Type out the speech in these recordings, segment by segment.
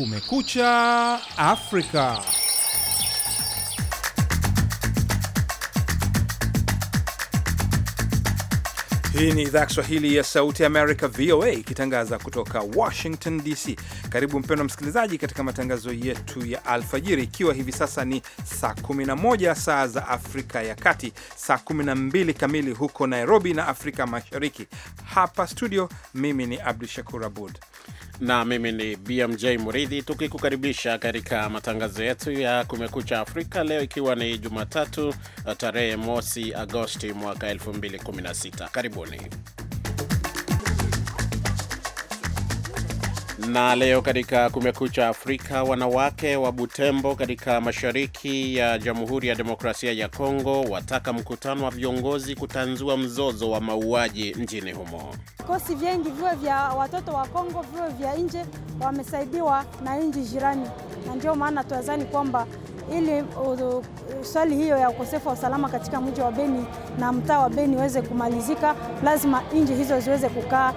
Kumekucha Afrika. Hii ni idhaa ya Kiswahili ya Sauti ya Amerika, VOA, ikitangaza kutoka Washington DC. Karibu mpendwa msikilizaji, katika matangazo yetu ya alfajiri, ikiwa hivi sasa ni saa 11 saa za Afrika ya Kati, saa 12 kamili huko Nairobi na Afrika Mashariki. Hapa studio, mimi ni Abdu Shakur Abud na mimi ni BMJ Muridhi tukikukaribisha katika matangazo yetu ya Kumekucha Afrika leo, ikiwa ni Jumatatu tarehe mosi Agosti mwaka 2016. Karibuni. Na leo katika Kumekucha Afrika, wanawake wa Butembo katika mashariki ya Jamhuri ya Demokrasia ya Kongo wataka mkutano wa viongozi kutanzua mzozo wa mauaji nchini humo. Vikosi vyengi viwe vya watoto wa Kongo, viwe vya nje, wamesaidiwa na nchi jirani, na ndio maana tuazani kwamba ili swali hiyo ya ukosefu wa usalama katika mji wa Beni na mtaa wa Beni uweze kumalizika, lazima nchi hizo ziweze kukaa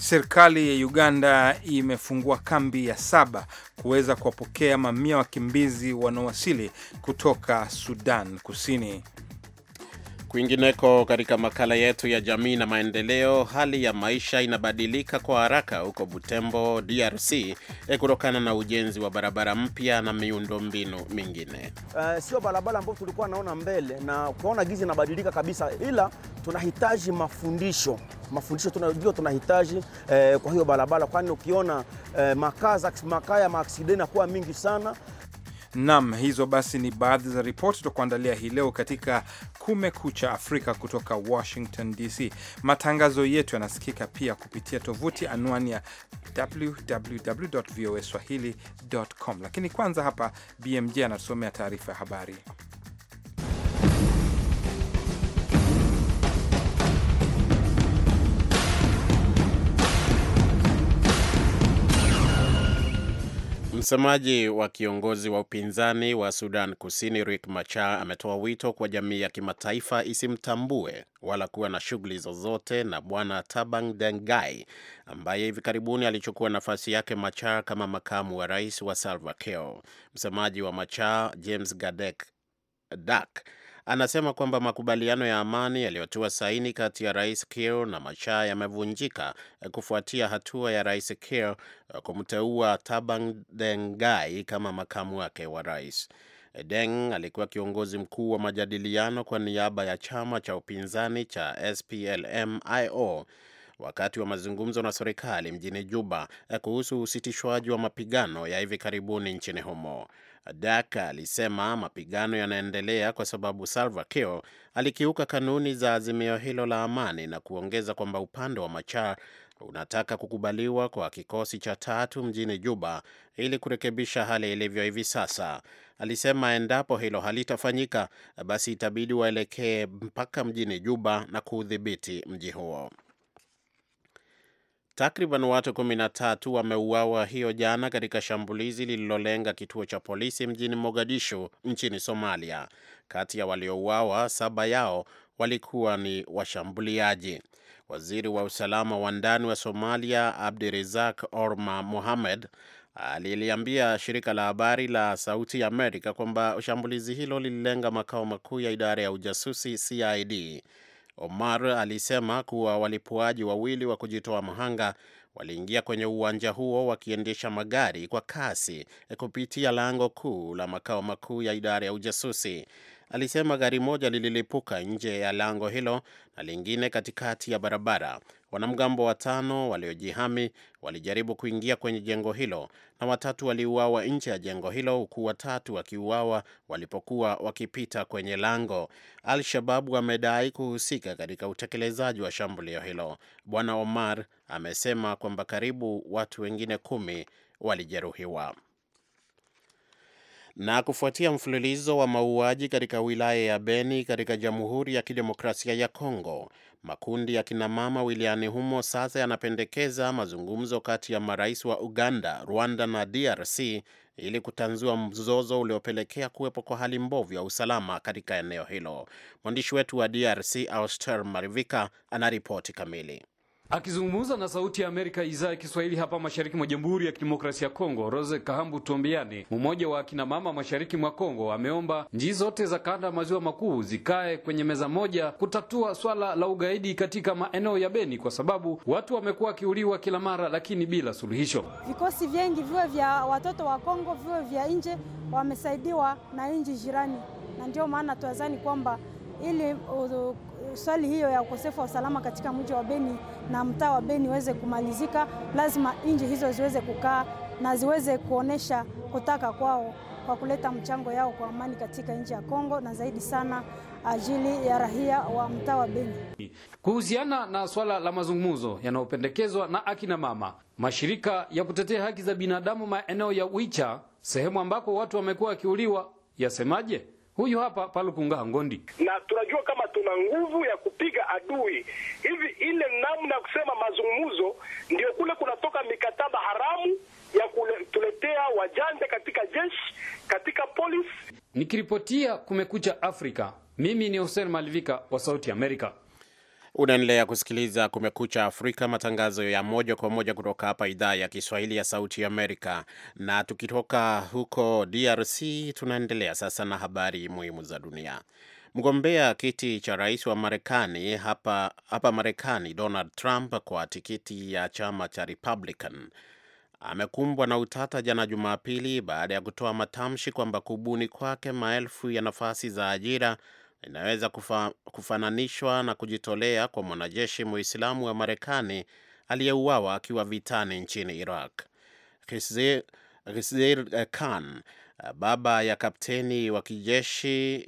Serikali ya Uganda imefungua kambi ya saba kuweza kuwapokea mamia wakimbizi wanaowasili kutoka Sudan Kusini. Kwingineko, katika makala yetu ya jamii na maendeleo, hali ya maisha inabadilika kwa haraka huko Butembo, DRC, eh, kutokana na ujenzi wa barabara mpya na miundombinu mingine. Uh, sio barabara ambayo tulikuwa naona mbele na kuona gizi inabadilika kabisa, ila tunahitaji mafundisho mafundisho ndio tunahitaji eh, kwa hiyo barabara, kwani ukiona eh, makaa ya maaksida mingi sana Nam, hizo basi ni baadhi za ripoti kuandalia hii leo katika Kumekucha Afrika kutoka Washington DC. Matangazo yetu yanasikika pia kupitia tovuti anwani ya www voa swahili com, lakini kwanza hapa BMJ anatusomea taarifa ya habari. Msemaji wa kiongozi wa upinzani wa Sudan Kusini Riek Machar ametoa wito kwa jamii ya kimataifa isimtambue wala kuwa na shughuli zozote na Bwana Tabang Dengai ambaye hivi karibuni alichukua nafasi yake Machar kama makamu wa rais wa Salva Kiir. Msemaji wa Machar James Gadek Dak anasema kwamba makubaliano ya amani yaliyotiwa saini kati ya Rais Kiir na Machar yamevunjika eh, kufuatia hatua ya Rais Kiir eh, kumteua Taban Deng Gai kama makamu wake wa rais. Eh, Deng alikuwa kiongozi mkuu wa majadiliano kwa niaba ya chama cha upinzani cha SPLM-IO wakati wa mazungumzo na serikali mjini Juba kuhusu usitishwaji wa mapigano ya hivi karibuni nchini humo. Daka alisema mapigano yanaendelea kwa sababu Salva Kiir alikiuka kanuni za azimio hilo la amani na kuongeza kwamba upande wa Machar unataka kukubaliwa kwa kikosi cha tatu mjini Juba ili kurekebisha hali ilivyo hivi sasa. Alisema endapo hilo halitafanyika, basi itabidi waelekee mpaka mjini Juba na kuudhibiti mji huo. Takriban watu 13 wameuawa hiyo jana katika shambulizi lililolenga kituo cha polisi mjini Mogadishu nchini Somalia. Kati ya waliouawa, saba yao walikuwa ni washambuliaji. Waziri wa usalama wa ndani wa Somalia Abdirizak Orma Mohamed aliliambia shirika la habari la Sauti ya Amerika kwamba shambulizi hilo lililenga makao makuu ya idara ya ujasusi CID Omar alisema kuwa walipuaji wawili wa kujitoa mhanga waliingia kwenye uwanja huo wakiendesha magari kwa kasi kupitia lango kuu la makao makuu ya idara ya ujasusi alisema gari moja lililipuka nje ya lango hilo na lingine katikati ya barabara. Wanamgambo watano waliojihami walijaribu kuingia kwenye jengo hilo na watatu waliuawa nje ya jengo hilo, huku watatu wakiuawa walipokuwa wakipita kwenye lango. Al-Shabab wamedai kuhusika katika utekelezaji wa shambulio hilo. Bwana Omar amesema kwamba karibu watu wengine kumi walijeruhiwa. Na kufuatia mfululizo wa mauaji katika wilaya ya Beni katika Jamhuri ya Kidemokrasia ya Kongo, makundi ya kinamama wilayani humo sasa yanapendekeza mazungumzo kati ya marais wa Uganda, Rwanda na DRC ili kutanzua mzozo uliopelekea kuwepo kwa hali mbovu ya usalama katika eneo hilo. Mwandishi wetu wa DRC Auster Marivika anaripoti kamili. Akizungumza na Sauti ya Amerika idhaa ya Kiswahili hapa mashariki mwa Jamhuri ya Kidemokrasia ya Kongo, Rose Kahambu Tombiani, mmoja wa akina mama mashariki mwa Kongo, ameomba njii zote za kanda ya maziwa makuu zikae kwenye meza moja kutatua swala la ugaidi katika maeneo ya Beni, kwa sababu watu wamekuwa wakiuliwa kila mara, lakini bila suluhisho. Vikosi vyengi viwe vya watoto wa Kongo, viwe vya nje, wamesaidiwa na nchi jirani, na ndio maana tuazani kwamba ili swali hiyo ya ukosefu wa usalama katika mji wa Beni na mtaa wa Beni iweze kumalizika, lazima nchi hizo ziweze kukaa na ziweze kuonesha kutaka kwao kwa kuleta mchango yao kwa amani katika nchi ya Kongo na zaidi sana ajili ya rahia wa mtaa wa Beni. Kuhusiana na swala la mazungumzo yanayopendekezwa na akina mama, mashirika ya kutetea haki za binadamu maeneo ya Wicha, sehemu ambako watu wamekuwa wakiuliwa, yasemaje? Huyu hapa Palukunga Ngondi, na tunajua kama tuna nguvu ya kupiga adui hivi. Ile namna ya kusema mazungumzo, ndio kule kunatoka mikataba haramu ya kutuletea wajanja katika jeshi, katika polisi. Nikiripotia Kumekucha Afrika, mimi ni Hussein Malivika wa Sauti Amerika. Unaendelea kusikiliza Kumekucha Afrika, matangazo ya moja kwa moja kutoka hapa idhaa ya Kiswahili ya Sauti Amerika. Na tukitoka huko DRC, tunaendelea sasa na habari muhimu za dunia. Mgombea kiti cha rais wa Marekani hapa, hapa Marekani, Donald Trump kwa tikiti ya chama cha Republican amekumbwa na utata jana Jumapili baada ya kutoa matamshi kwamba kubuni kwake maelfu ya nafasi za ajira inaweza kufa, kufananishwa na kujitolea kwa mwanajeshi Muislamu wa Marekani aliyeuawa akiwa vitani nchini Iraq. khizir eh, Khan, eh, baba ya kapteni wa kijeshi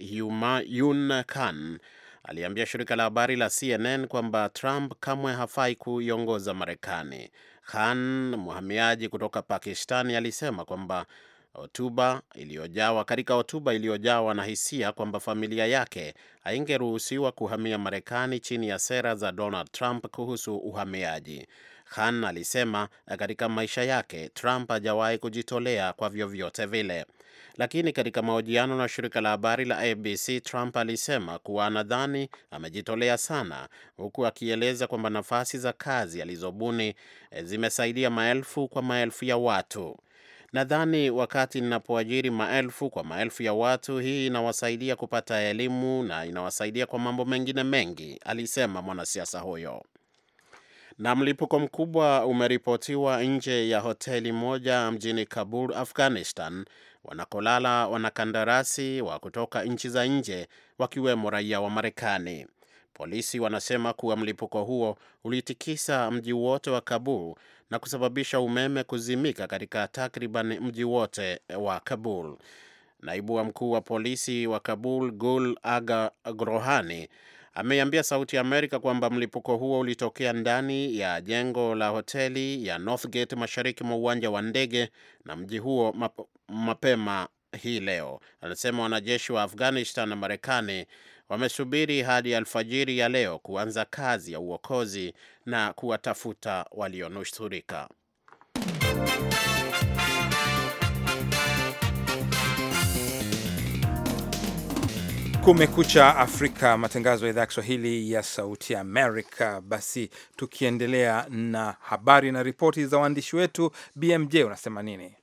Yun Khan, aliambia shirika la habari la CNN kwamba Trump kamwe hafai kuiongoza Marekani. Khan, mhamiaji kutoka Pakistani, alisema kwamba hotuba iliyojawa katika hotuba iliyojawa na hisia kwamba familia yake haingeruhusiwa kuhamia Marekani chini ya sera za Donald Trump kuhusu uhamiaji. Khan alisema eh, katika maisha yake Trump hajawahi kujitolea kwa vyovyote vile, lakini katika mahojiano na shirika la habari la ABC Trump alisema kuwa anadhani amejitolea sana, huku akieleza kwamba nafasi za kazi alizobuni eh, zimesaidia maelfu kwa maelfu ya watu. Nadhani wakati ninapoajiri maelfu kwa maelfu ya watu, hii inawasaidia kupata elimu na inawasaidia kwa mambo mengine mengi, alisema mwanasiasa huyo. Na mlipuko mkubwa umeripotiwa nje ya hoteli moja mjini Kabul, Afghanistan, wanakolala wanakandarasi wa kutoka nchi za nje wakiwemo raia wa Marekani. Polisi wanasema kuwa mlipuko huo ulitikisa mji wote wa Kabul na kusababisha umeme kuzimika katika takriban mji wote wa Kabul. Naibu wa mkuu wa polisi wa Kabul Gul Aga Grohani ameiambia Sauti Amerika kwamba mlipuko huo ulitokea ndani ya jengo la hoteli ya Northgate mashariki mwa uwanja wa ndege na mji huo map mapema hii leo. Anasema wanajeshi wa Afghanistan na Marekani wamesubiri hadi alfajiri ya leo kuanza kazi ya uokozi na kuwatafuta walionusurika. Kumekucha Afrika, matangazo ya idhaa ya Kiswahili ya Sauti Amerika. Basi tukiendelea na habari na ripoti za waandishi wetu, BMJ unasema nini?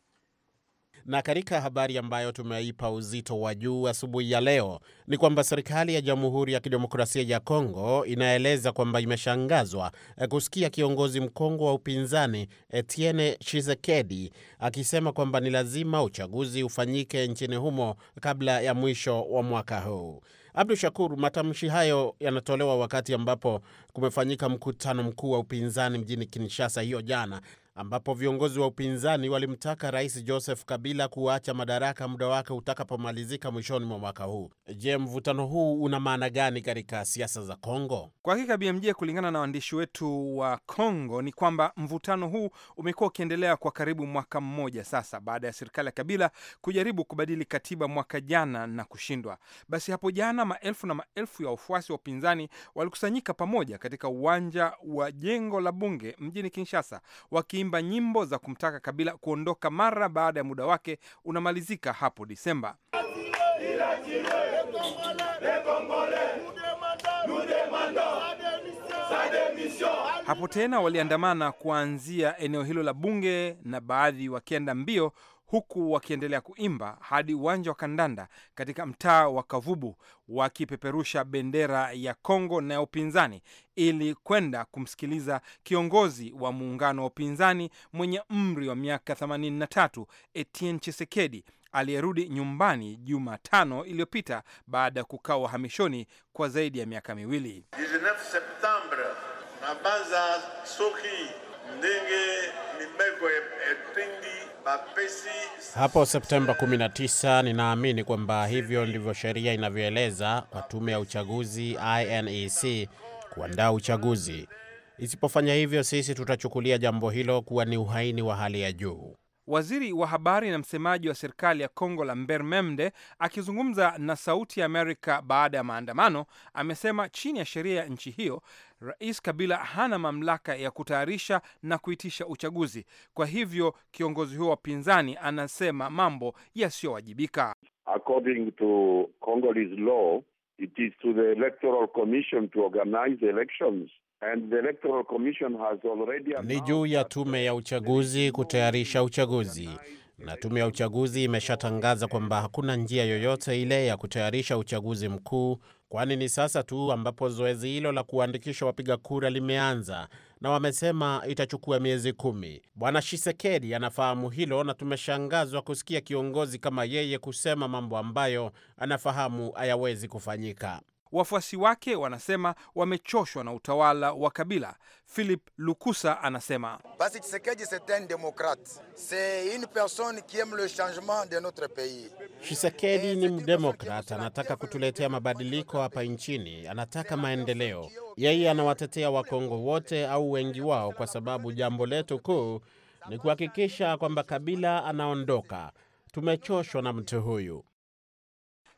Na katika habari ambayo tumeipa uzito wa juu asubuhi ya leo ni kwamba serikali ya Jamhuri ya Kidemokrasia ya Kongo inaeleza kwamba imeshangazwa eh, kusikia kiongozi mkongwe wa upinzani Etienne Tshisekedi akisema kwamba ni lazima uchaguzi ufanyike nchini humo kabla ya mwisho wa mwaka huu. Abdu Shakur, matamshi hayo yanatolewa wakati ambapo kumefanyika mkutano mkuu wa upinzani mjini Kinshasa hiyo jana, ambapo viongozi wa upinzani walimtaka Rais Joseph Kabila kuacha madaraka muda wake utakapomalizika mwishoni mwa mwaka huu. Je, mvutano huu una maana gani katika siasa za Kongo? Kwa hakika BMJ, kulingana na waandishi wetu wa Kongo ni kwamba mvutano huu umekuwa ukiendelea kwa karibu mwaka mmoja sasa, baada ya serikali ya Kabila kujaribu kubadili katiba mwaka jana na kushindwa. Basi hapo jana, maelfu na maelfu ya wafuasi wa upinzani walikusanyika pamoja katika uwanja wa jengo la bunge mjini Kinshasa, wakiimba nyimbo za kumtaka Kabila kuondoka mara baada ya muda wake unamalizika hapo Disemba. Hapo tena waliandamana kuanzia eneo hilo la bunge na baadhi wakienda mbio huku wakiendelea kuimba hadi uwanja wa kandanda katika mtaa wa Kavubu wakipeperusha bendera ya Kongo na ya upinzani ili kwenda kumsikiliza kiongozi wa muungano wa upinzani mwenye umri wa miaka 83 Etienne Chisekedi aliyerudi nyumbani Jumatano iliyopita baada ya kukaa uhamishoni kwa zaidi ya miaka miwili. E-, Hapo Septemba 19 ninaamini kwamba hivyo ndivyo sheria inavyoeleza kwa tume ya uchaguzi INEC kuandaa uchaguzi. Isipofanya hivyo, sisi tutachukulia jambo hilo kuwa ni uhaini wa hali ya juu. Waziri wa habari na msemaji wa serikali ya Kongo Lambert Memde, akizungumza na Sauti ya Amerika baada ya maandamano amesema chini ya sheria ya nchi hiyo Rais Kabila hana mamlaka ya kutayarisha na kuitisha uchaguzi. Kwa hivyo kiongozi huo wa pinzani anasema mambo yasiyowajibika. According to Congolese law, it is to the electoral commission to organize elections ni juu ya tume ya uchaguzi kutayarisha uchaguzi, na tume ya uchaguzi imeshatangaza kwamba hakuna njia yoyote ile ya kutayarisha uchaguzi mkuu, kwani ni sasa tu ambapo zoezi hilo la kuandikisha wapiga kura limeanza, na wamesema itachukua miezi kumi. Bwana Shisekedi anafahamu hilo, na tumeshangazwa kusikia kiongozi kama yeye kusema mambo ambayo anafahamu hayawezi kufanyika. Wafuasi wake wanasema wamechoshwa na utawala wa Kabila. Philip Lukusa anasema basi c'est un democrate c'est une personne qui aime le changement de notre pays. ni mdemokrat, anataka kutuletea mabadiliko hapa nchini, anataka maendeleo. Yeye anawatetea Wakongo wote au wengi wao, kwa sababu jambo letu kuu ni kuhakikisha kwamba Kabila anaondoka. Tumechoshwa na mtu huyu.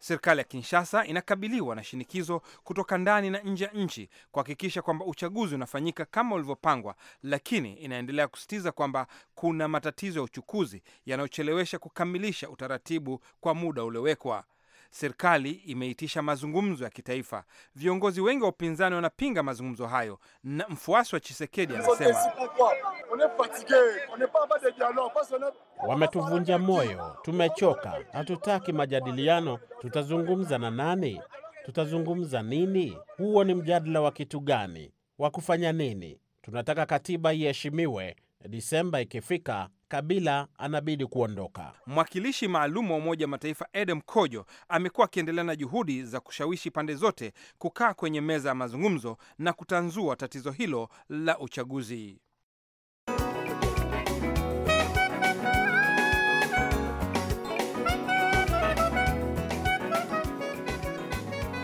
Serikali ya Kinshasa inakabiliwa na shinikizo kutoka ndani na nje ya nchi kuhakikisha kwamba uchaguzi unafanyika kama ulivyopangwa, lakini inaendelea kusisitiza kwamba kuna matatizo ya uchukuzi yanayochelewesha kukamilisha utaratibu kwa muda uliowekwa serikali imeitisha mazungumzo ya kitaifa. Viongozi wengi wa upinzani wanapinga mazungumzo hayo, na mfuasi wa Chisekedi anasema wametuvunja moyo, tumechoka, hatutaki majadiliano. Tutazungumza na nani? Tutazungumza nini? Huo ni mjadala wa kitu gani? Wa kufanya nini? Tunataka katiba iheshimiwe. Disemba ikifika Kabila anabidi kuondoka. Mwakilishi maalum wa Umoja Mataifa Edem Kojo amekuwa akiendelea na juhudi za kushawishi pande zote kukaa kwenye meza ya mazungumzo na kutanzua tatizo hilo la uchaguzi.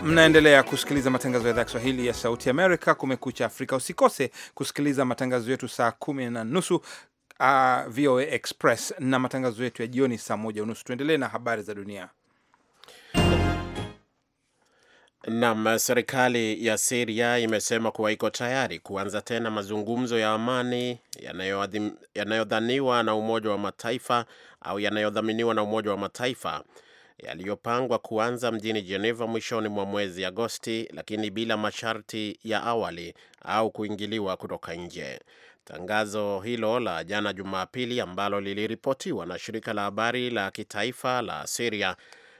Mnaendelea kusikiliza matangazo ya idhaa ya Kiswahili ya Sauti Amerika, Kumekucha Afrika. Usikose kusikiliza matangazo yetu saa kumi na nusu uh, VOA Express na matangazo yetu ya jioni saa moja unusu. Tuendelee na habari za dunia. Nam, serikali ya Siria imesema kuwa iko tayari kuanza tena mazungumzo ya amani yanayodhaniwa na Umoja wa Mataifa au yanayodhaminiwa na Umoja wa Mataifa yaliyopangwa kuanza mjini Geneva mwishoni mwa mwezi Agosti, lakini bila masharti ya awali au kuingiliwa kutoka nje. Tangazo hilo la jana Jumapili, ambalo liliripotiwa na shirika la habari la kitaifa la Siria,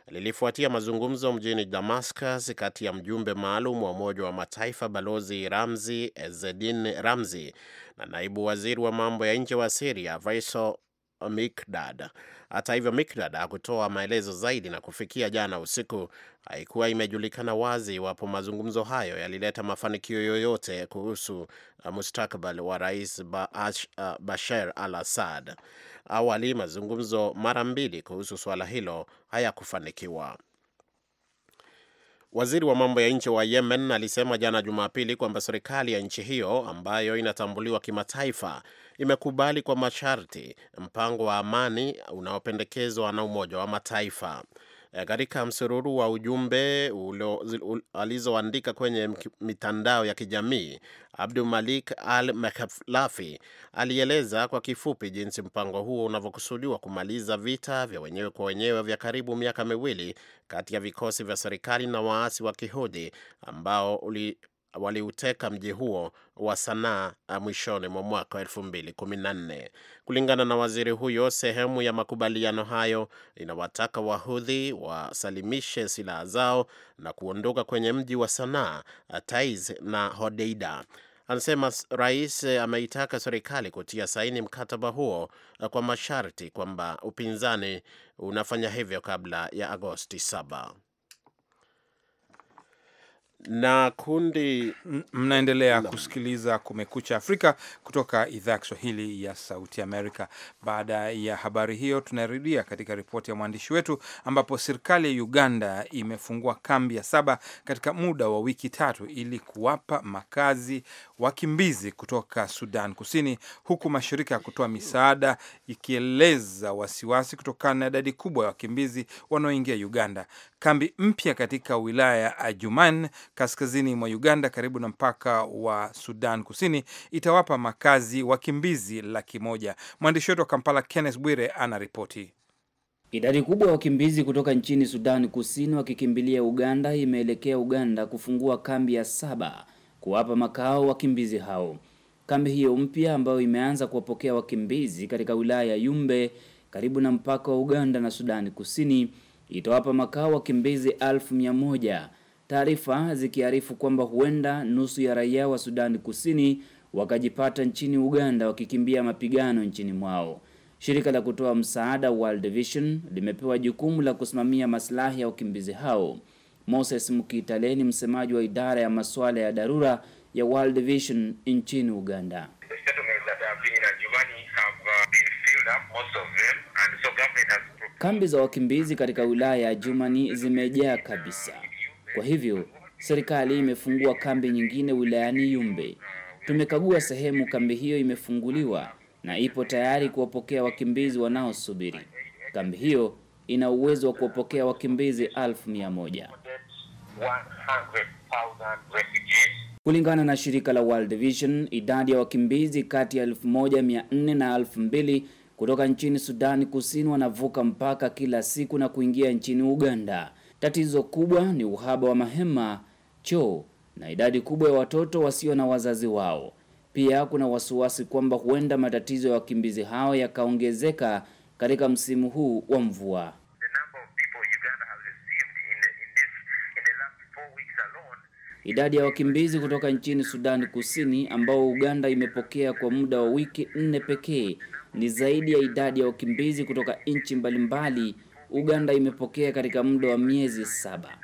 lilifuatia mazungumzo mjini Damascus kati ya mjumbe maalum wa Umoja wa Mataifa Balozi Ramzi ezedin Ramzi na naibu waziri wa mambo ya nje wa Siria Faisal Mikdad. Hata hivyo, Mikdad hakutoa maelezo zaidi, na kufikia jana usiku haikuwa imejulikana wazi iwapo mazungumzo hayo yalileta mafanikio yoyote kuhusu uh, mustakabali wa rais uh, Bashar al Assad. Awali mazungumzo mara mbili kuhusu suala hilo hayakufanikiwa. Waziri wa mambo ya nje wa Yemen alisema jana Jumapili kwamba serikali ya nchi hiyo ambayo inatambuliwa kimataifa imekubali kwa masharti mpango wa amani unaopendekezwa na Umoja wa Mataifa. Eh, katika msururu wa ujumbe alizoandika kwenye mitandao ya kijamii, Abdul Malik Al Mekhlafi alieleza kwa kifupi jinsi mpango huo unavyokusudiwa kumaliza vita vya wenyewe kwa wenyewe vya karibu miaka miwili kati ya vikosi vya serikali na waasi wa Kihudi ambao uli waliuteka mji huo wa Sanaa ah, mwishoni mwa mwaka wa elfu nne. Kulingana na waziri huyo, sehemu ya makubaliano hayo inawataka Wahudhi wasalimishe silaha zao na kuondoka kwenye mji wa Sanaa, ah, Taiz na Hodeida. Anasema rais eh, ameitaka serikali kutia saini mkataba huo ah, kwa masharti kwamba upinzani unafanya hivyo kabla ya Agosti saba na kundi mnaendelea no. kusikiliza Kumekucha Afrika kutoka idhaa ya Kiswahili ya Sauti Amerika. Baada ya habari hiyo, tunarudia katika ripoti ya mwandishi wetu, ambapo serikali ya Uganda imefungua kambi ya saba katika muda wa wiki tatu ili kuwapa makazi wakimbizi kutoka Sudan Kusini, huku mashirika ya kutoa misaada ikieleza wasiwasi kutokana na idadi kubwa ya wakimbizi wanaoingia Uganda kambi mpya katika wilaya ya Ajuman kaskazini mwa Uganda, karibu na mpaka wa Sudan Kusini, itawapa makazi wakimbizi laki moja. Mwandishi wetu wa Kampala Kenneth Bwire anaripoti. Idadi kubwa ya wakimbizi kutoka nchini Sudan Kusini wakikimbilia Uganda imeelekea Uganda kufungua kambi ya saba kuwapa makao wakimbizi hao. Kambi hiyo mpya ambayo imeanza kuwapokea wakimbizi katika wilaya ya Yumbe karibu na mpaka wa Uganda na Sudani Kusini itawapa makao wakimbizi elfu mia moja. Taarifa zikiarifu kwamba huenda nusu ya raia wa Sudani Kusini wakajipata nchini Uganda wakikimbia mapigano nchini mwao. Shirika la kutoa msaada World Vision limepewa jukumu la kusimamia maslahi ya wakimbizi hao. Moses Mkitale ni msemaji wa idara ya masuala ya dharura ya World Vision nchini Uganda. The Kambi za wakimbizi katika wilaya ya Jumani zimejaa kabisa. Kwa hivyo, serikali imefungua kambi nyingine wilayani Yumbe. Tumekagua sehemu kambi hiyo imefunguliwa na ipo tayari kuwapokea wakimbizi wanaosubiri. Kambi hiyo ina uwezo wa kuwapokea wakimbizi elfu mia moja. Kulingana na shirika la World Vision, idadi ya wakimbizi kati ya 1400 na kutoka nchini Sudani Kusini wanavuka mpaka kila siku na kuingia nchini Uganda. Tatizo kubwa ni uhaba wa mahema, choo na idadi kubwa ya watoto wasio na wazazi wao. Pia kuna wasiwasi kwamba huenda matatizo ya wakimbizi hao yakaongezeka katika msimu huu wa mvua. Idadi ya wakimbizi kutoka nchini Sudani Kusini ambao Uganda imepokea kwa muda wa wiki nne pekee ni zaidi ya idadi ya wakimbizi kutoka nchi mbalimbali Uganda imepokea katika muda wa miezi saba.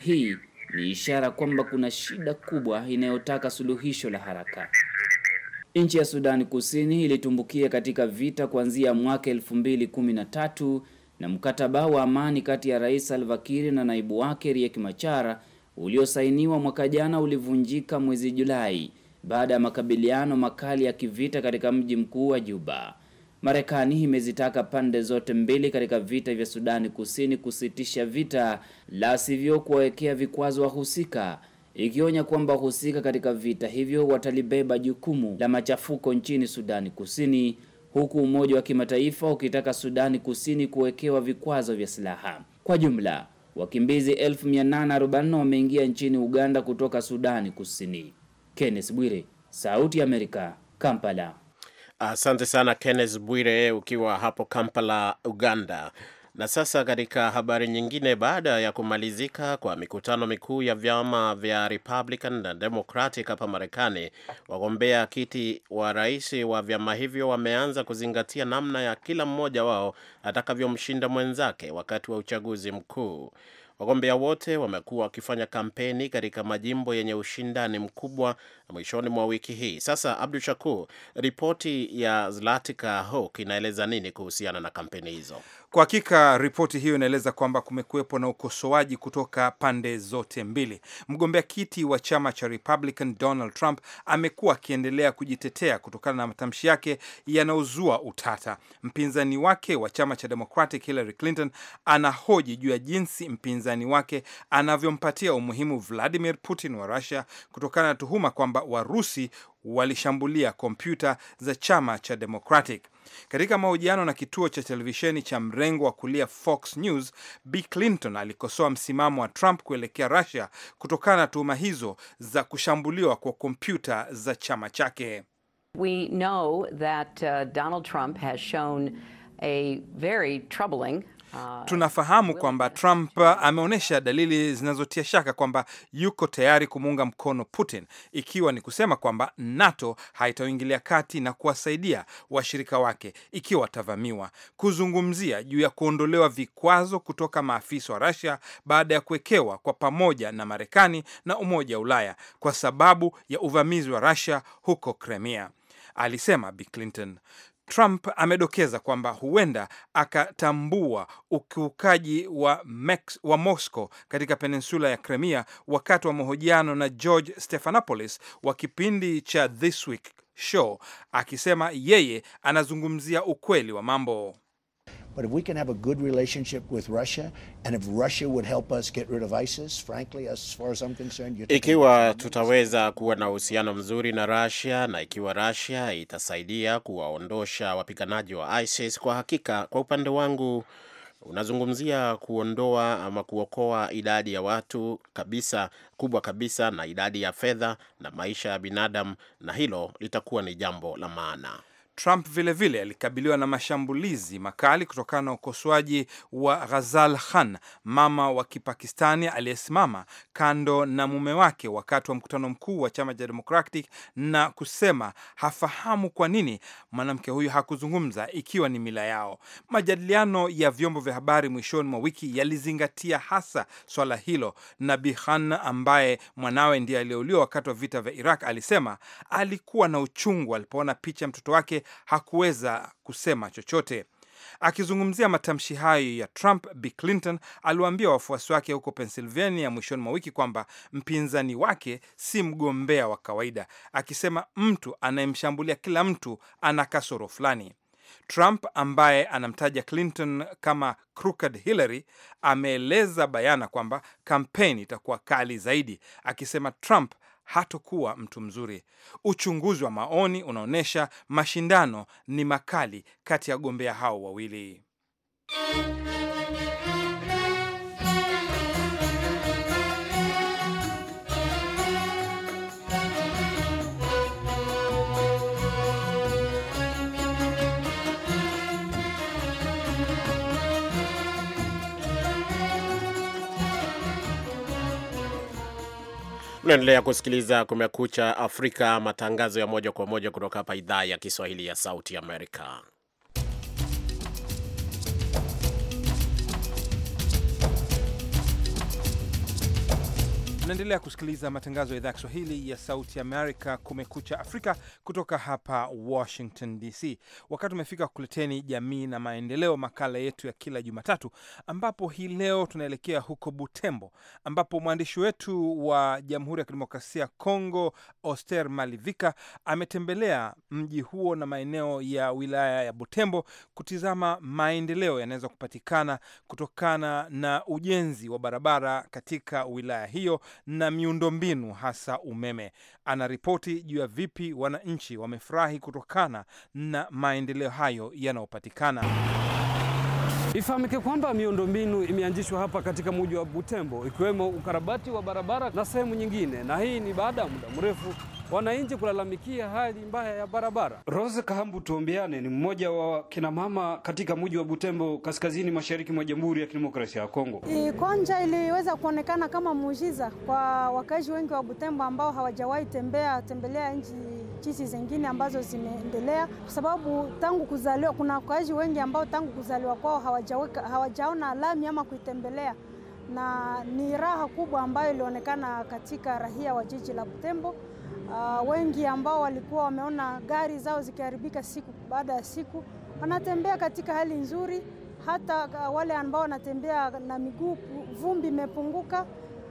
Hii ni ishara kwamba kuna shida kubwa inayotaka suluhisho la haraka. Nchi ya Sudani Kusini ilitumbukia katika vita kuanzia mwaka 2013 na mkataba wa amani kati ya Rais Salva Kiir na naibu wake Riek Machar uliosainiwa mwaka jana ulivunjika mwezi Julai baada ya makabiliano makali ya kivita katika mji mkuu wa Juba. Marekani imezitaka pande zote mbili katika vita vya Sudani Kusini kusitisha vita, la sivyo kuwawekea vikwazo wahusika, ikionya kwamba wahusika katika vita hivyo watalibeba jukumu la machafuko nchini Sudani Kusini, huku Umoja wa Kimataifa ukitaka Sudani Kusini kuwekewa vikwazo vya silaha. Kwa jumla Wakimbizi 1840 wameingia nchini Uganda kutoka Sudani Kusini. Kenneth Bwire, Sauti ya Amerika, Kampala. Asante sana Kenneth Bwire ukiwa hapo Kampala, Uganda. Na sasa katika habari nyingine, baada ya kumalizika kwa mikutano mikuu ya vyama vya Republican na Democratic hapa Marekani, wagombea kiti wa rais wa vyama hivyo wameanza kuzingatia namna ya kila mmoja wao atakavyomshinda mwenzake wakati wa uchaguzi mkuu. Wagombea wote wamekuwa wakifanya kampeni katika majimbo yenye ushindani mkubwa mwishoni mwa wiki hii. Sasa, Abdu Shakur, ripoti ya Zlatika Hawk inaeleza nini kuhusiana na kampeni hizo? Kwa hakika ripoti hiyo inaeleza kwamba kumekuwepo na ukosoaji kutoka pande zote mbili. Mgombea kiti wa chama cha Republican Donald Trump amekuwa akiendelea kujitetea kutokana na matamshi yake yanayozua utata. Mpinzani wake wa chama cha Democratic Hillary Clinton anahoji juu ya jinsi mpinzani wake anavyompatia umuhimu Vladimir Putin wa Russia kutokana na tuhuma kwamba Warusi walishambulia kompyuta za chama cha Democratic. Katika mahojiano na kituo cha televisheni cha mrengo wa kulia Fox News, Bi Clinton alikosoa msimamo wa Trump kuelekea Russia kutokana na tuhuma hizo za kushambuliwa kwa kompyuta za chama chake. We know that uh, Donald Trump has shown a very troubling Tunafahamu kwamba Trump ameonyesha dalili zinazotia shaka kwamba yuko tayari kumuunga mkono Putin, ikiwa ni kusema kwamba NATO haitaingilia kati na kuwasaidia washirika wake ikiwa watavamiwa, kuzungumzia juu ya kuondolewa vikwazo kutoka maafisa wa Russia baada ya kuwekewa kwa pamoja na Marekani na Umoja wa Ulaya kwa sababu ya uvamizi wa Russia huko Crimea. Alisema Bi Clinton, Trump amedokeza kwamba huenda akatambua ukiukaji wa, wa Moscow katika peninsula ya Crimea wakati wa mahojiano na George Stephanopoulos wa kipindi cha This Week Show akisema yeye anazungumzia ukweli wa mambo. But if we can have a good relationship with Russia and if Russia would help us get rid of ISIS, frankly, as far as I'm concerned, you're ikiwa tutaweza kuwa na uhusiano mzuri na Russia na ikiwa Russia itasaidia kuwaondosha wapiganaji wa ISIS, kwa hakika, kwa upande wangu unazungumzia kuondoa ama kuokoa idadi ya watu kabisa kubwa kabisa, na idadi ya fedha na maisha ya binadamu, na hilo litakuwa ni jambo la maana. Trump vilevile alikabiliwa na mashambulizi makali kutokana na ukosoaji wa Ghazal Khan, mama wa Kipakistani aliyesimama kando na mume wake wakati wa mkutano mkuu wa chama cha Democratic na kusema hafahamu kwa nini mwanamke huyu hakuzungumza ikiwa ni mila yao. Majadiliano ya vyombo vya habari mwishoni mwa wiki yalizingatia hasa swala hilo, na Bi Khan ambaye mwanawe ndiye aliyeuliwa wakati wa vita vya Iraq alisema alikuwa na uchungu alipoona picha ya mtoto wake hakuweza kusema chochote. Akizungumzia matamshi hayo ya Trump, b Clinton aliwaambia wafuasi wake huko Pennsylvania mwishoni mwa wiki kwamba mpinzani wake si mgombea wa kawaida, akisema mtu anayemshambulia kila mtu ana kasoro fulani. Trump ambaye anamtaja Clinton kama crooked Hillary ameeleza bayana kwamba kampeni itakuwa kali zaidi, akisema Trump hatokuwa mtu mzuri. Uchunguzi wa maoni unaonyesha mashindano ni makali kati ya wagombea hao wawili. Unaendelea kusikiliza Kumekucha Afrika, matangazo ya moja kwa moja kutoka hapa idhaa ya Kiswahili ya Sauti Amerika. Unaendelea kusikiliza matangazo ya idhaa ya Kiswahili ya Sauti Amerika, Kumekucha Afrika, kutoka hapa Washington DC. Wakati umefika kuleteni Jamii na Maendeleo, makala yetu ya kila Jumatatu, ambapo hii leo tunaelekea huko Butembo, ambapo mwandishi wetu wa Jamhuri ya Kidemokrasia ya Kongo, Oster Malivika, ametembelea mji huo na maeneo ya wilaya ya Butembo kutizama maendeleo yanaweza kupatikana kutokana na ujenzi wa barabara katika wilaya hiyo na miundombinu hasa umeme. Anaripoti juu ya vipi wananchi wamefurahi kutokana na maendeleo hayo yanayopatikana. Ifahamike kwamba miundombinu imeanzishwa hapa katika mji wa Butembo, ikiwemo ukarabati wa barabara na sehemu nyingine, na hii ni baada ya muda mrefu wananchi kulalamikia hali mbaya ya barabara. Rose Kahambu Tuombeane ni mmoja wa kinamama katika mji wa Butembo, kaskazini mashariki mwa Jamhuri ya Kidemokrasia ya Kongo. Ikonja iliweza kuonekana kama muujiza kwa wakazi wengi wa Butembo ambao hawajawahi tembea tembelea nchi chisi zingine ambazo zimeendelea, kwa sababu tangu kuzaliwa kuna wakazi wengi ambao tangu kuzaliwa kwao hawajaweka hawajaona alami ama kuitembelea na ni raha kubwa ambayo ilionekana katika rahia wa jiji la Butembo. Uh, wengi ambao walikuwa wameona gari zao zikiharibika siku baada ya siku wanatembea katika hali nzuri. Hata ah, wale ambao wanatembea na miguu, vumbi imepunguka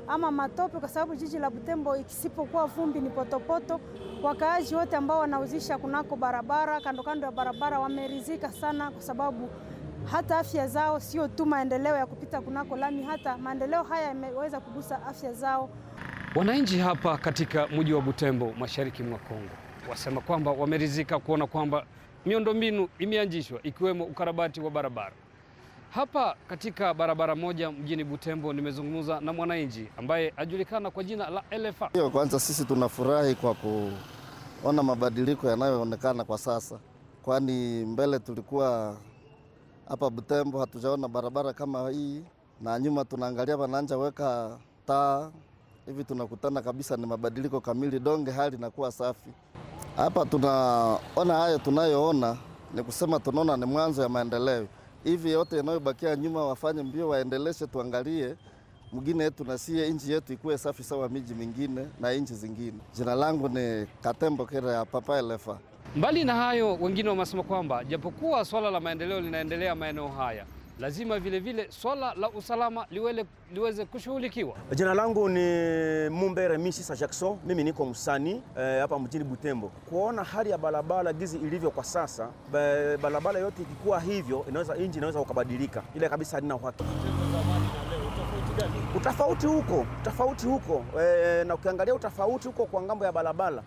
ama matope, kwa sababu jiji la Butembo ikisipokuwa vumbi ni potopoto. Wakaaji wote ambao wanauzisha kunako barabara, kando kando ya barabara, wamerizika sana, kwa sababu hata afya zao sio tu maendeleo ya kupita kunako lami, hata maendeleo haya yameweza kugusa afya zao. Wananchi hapa katika mji wa Butembo mashariki mwa Kongo wasema kwamba wameridhika kuona kwamba miundombinu imeanzishwa ikiwemo ukarabati wa barabara. Hapa katika barabara moja mjini Butembo nimezungumza na mwananchi ambaye ajulikana kwa jina la Elefa. Hiyo kwanza, sisi tunafurahi kwa kuona mabadiliko yanayoonekana kwa sasa, kwani mbele tulikuwa hapa Butembo hatujaona barabara kama hii, na nyuma tunaangalia wananja weka taa hivi tunakutana kabisa ni mabadiliko kamili, donge hali inakuwa safi. Hapa tunaona hayo tunayoona, ni kusema tunaona ni mwanzo ya maendeleo. Hivi yote yanayobakia nyuma wafanye mbio, waendeleshe, tuangalie mgine yetu na sie nchi yetu ikuwe safi sawa miji mingine na nchi zingine. Jina langu ni Katembo Kera ya Papa Elefa. Mbali na hayo, wengine wamesema kwamba japokuwa swala la maendeleo linaendelea maeneo haya lazima vilevile swala la usalama liwele, liweze kushughulikiwa. Jina langu ni Remisi Sa Jackson, mimi niko msani eh, hapa e, mjini Butembo. Kuona hali ya barabara gizi ilivyo kwa sasa, barabara yote ikikuwa hivyo, inaweza inji inaweza ukabadilika, ile kabisa halina uhakika utafauti huko utafauti huko e, na ukiangalia utafauti huko kwa ngambo ya barabara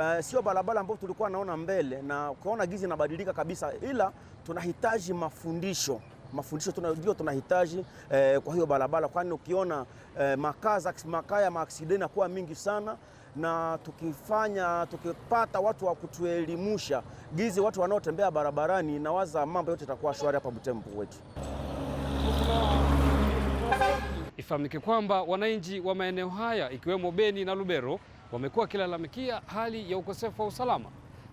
e, eh, sio barabara ambayo tulikuwa naona mbele na ukaona gizi inabadilika kabisa, ila tunahitaji mafundisho mafundisho tunajua tunahitaji eh, kwa hiyo barabara, kwani ukiona eh, makaa ya maaksidenti yanakuwa mingi sana na tukifanya tukipata watu wa kutuelimusha gizi watu wanaotembea barabarani, nawaza mambo yote itakuwa shwari hapa Butembo wetu. Ifahamike kwamba wananchi wa maeneo haya ikiwemo Beni na Lubero wamekuwa wakilalamikia hali ya ukosefu wa usalama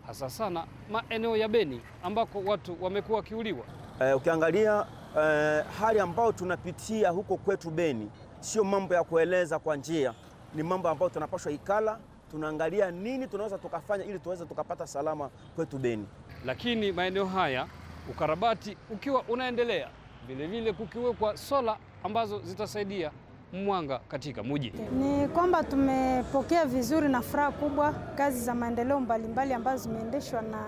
hasa sana maeneo ya Beni ambako watu wamekuwa wakiuliwa. Eh, ukiangalia eh, hali ambayo tunapitia huko kwetu Beni sio mambo ya kueleza kwa njia, ni mambo ambayo tunapaswa ikala tunaangalia nini tunaweza tukafanya ili tuweze tukapata salama kwetu Beni. Lakini maeneo haya ukarabati ukiwa unaendelea, vilevile kukiwekwa sola ambazo zitasaidia mwanga katika mji. Ni kwamba tumepokea vizuri na furaha kubwa kazi za maendeleo mbalimbali ambazo zimeendeshwa na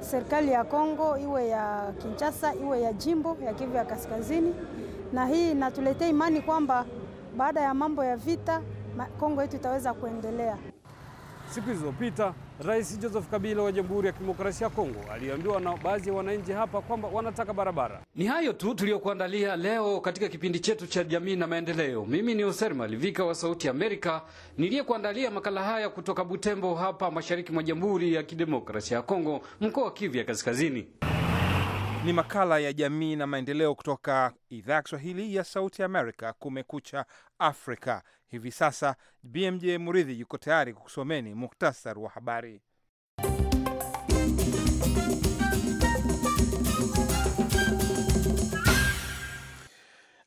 serikali ya Kongo, iwe ya Kinshasa, iwe ya jimbo ya Kivu ya Kaskazini, na hii inatuletea imani kwamba baada ya mambo ya vita Kongo yetu itaweza kuendelea. Siku zilizopita Rais Joseph Kabila wa Jamhuri ya Kidemokrasia ya Kongo aliambiwa na baadhi ya wananchi hapa kwamba wanataka barabara. Ni hayo tu tuliyokuandalia leo katika kipindi chetu cha jamii na maendeleo. Mimi ni hoser Malivika wa Sauti Amerika niliyekuandalia makala haya kutoka Butembo hapa mashariki mwa Jamhuri ya Kidemokrasia ya Kongo, mkoa wa Kivu ya Kaskazini. Ni makala ya jamii na maendeleo kutoka idhaa ya Kiswahili ya Sauti Amerika, Kumekucha Afrika. Hivi sasa BMJ Muridhi yuko tayari kukusomeni muktasar wa habari.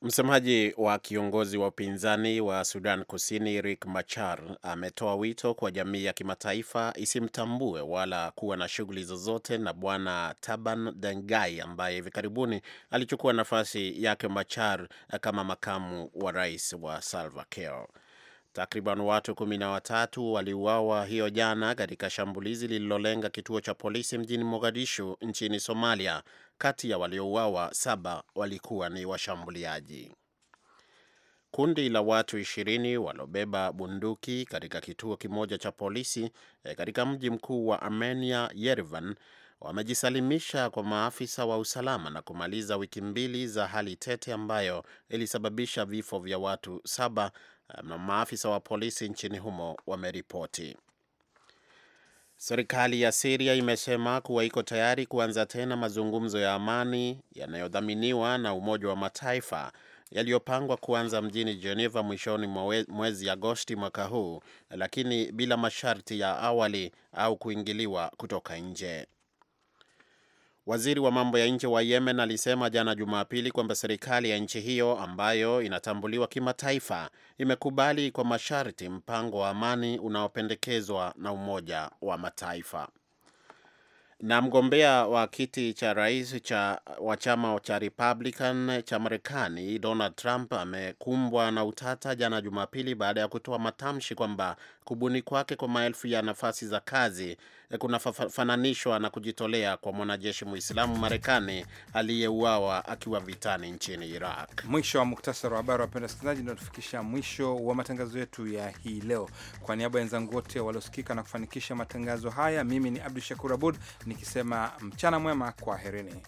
Msemaji wa kiongozi wa upinzani wa Sudan Kusini rik Machar ametoa wito kwa jamii ya kimataifa isimtambue wala kuwa na shughuli zozote na Bwana Taban Dengai ambaye hivi karibuni alichukua nafasi yake Machar kama makamu wa rais wa Salva Kiir. Takriban watu kumi na watatu waliuawa hiyo jana katika shambulizi lililolenga kituo cha polisi mjini Mogadishu nchini Somalia. Kati ya waliouawa saba walikuwa ni washambuliaji. Kundi la watu ishirini waliobeba bunduki katika kituo kimoja cha polisi eh, katika mji mkuu wa Armenia, Yerevan, wamejisalimisha kwa maafisa wa usalama na kumaliza wiki mbili za hali tete ambayo ilisababisha vifo vya watu saba na maafisa wa polisi nchini humo wameripoti. Serikali ya Siria imesema kuwa iko tayari kuanza tena mazungumzo ya amani yanayodhaminiwa na Umoja wa Mataifa yaliyopangwa kuanza mjini Geneva mwishoni mwa mwezi Agosti mwaka huu, lakini bila masharti ya awali au kuingiliwa kutoka nje. Waziri wa mambo ya nje wa Yemen alisema jana Jumapili kwamba serikali ya nchi hiyo ambayo inatambuliwa kimataifa imekubali kwa masharti mpango wa amani unaopendekezwa na Umoja wa Mataifa. Na mgombea wa kiti cha rais cha wa chama cha Republican cha Marekani Donald Trump amekumbwa na utata jana Jumapili baada ya kutoa matamshi kwamba kubuni kwake kwa maelfu ya nafasi za kazi Eh, kunafananishwa na kujitolea kwa mwanajeshi Muislamu Marekani aliyeuawa akiwa vitani nchini Iraq. Mwisho wa muktasari wa habari, wapenda wasikilizaji, natufikisha mwisho wa matangazo yetu ya hii leo. Kwa niaba ya wenzangu wote waliosikika na kufanikisha matangazo haya, mimi ni Abdu Shakur Abud nikisema mchana mwema, kwaherini.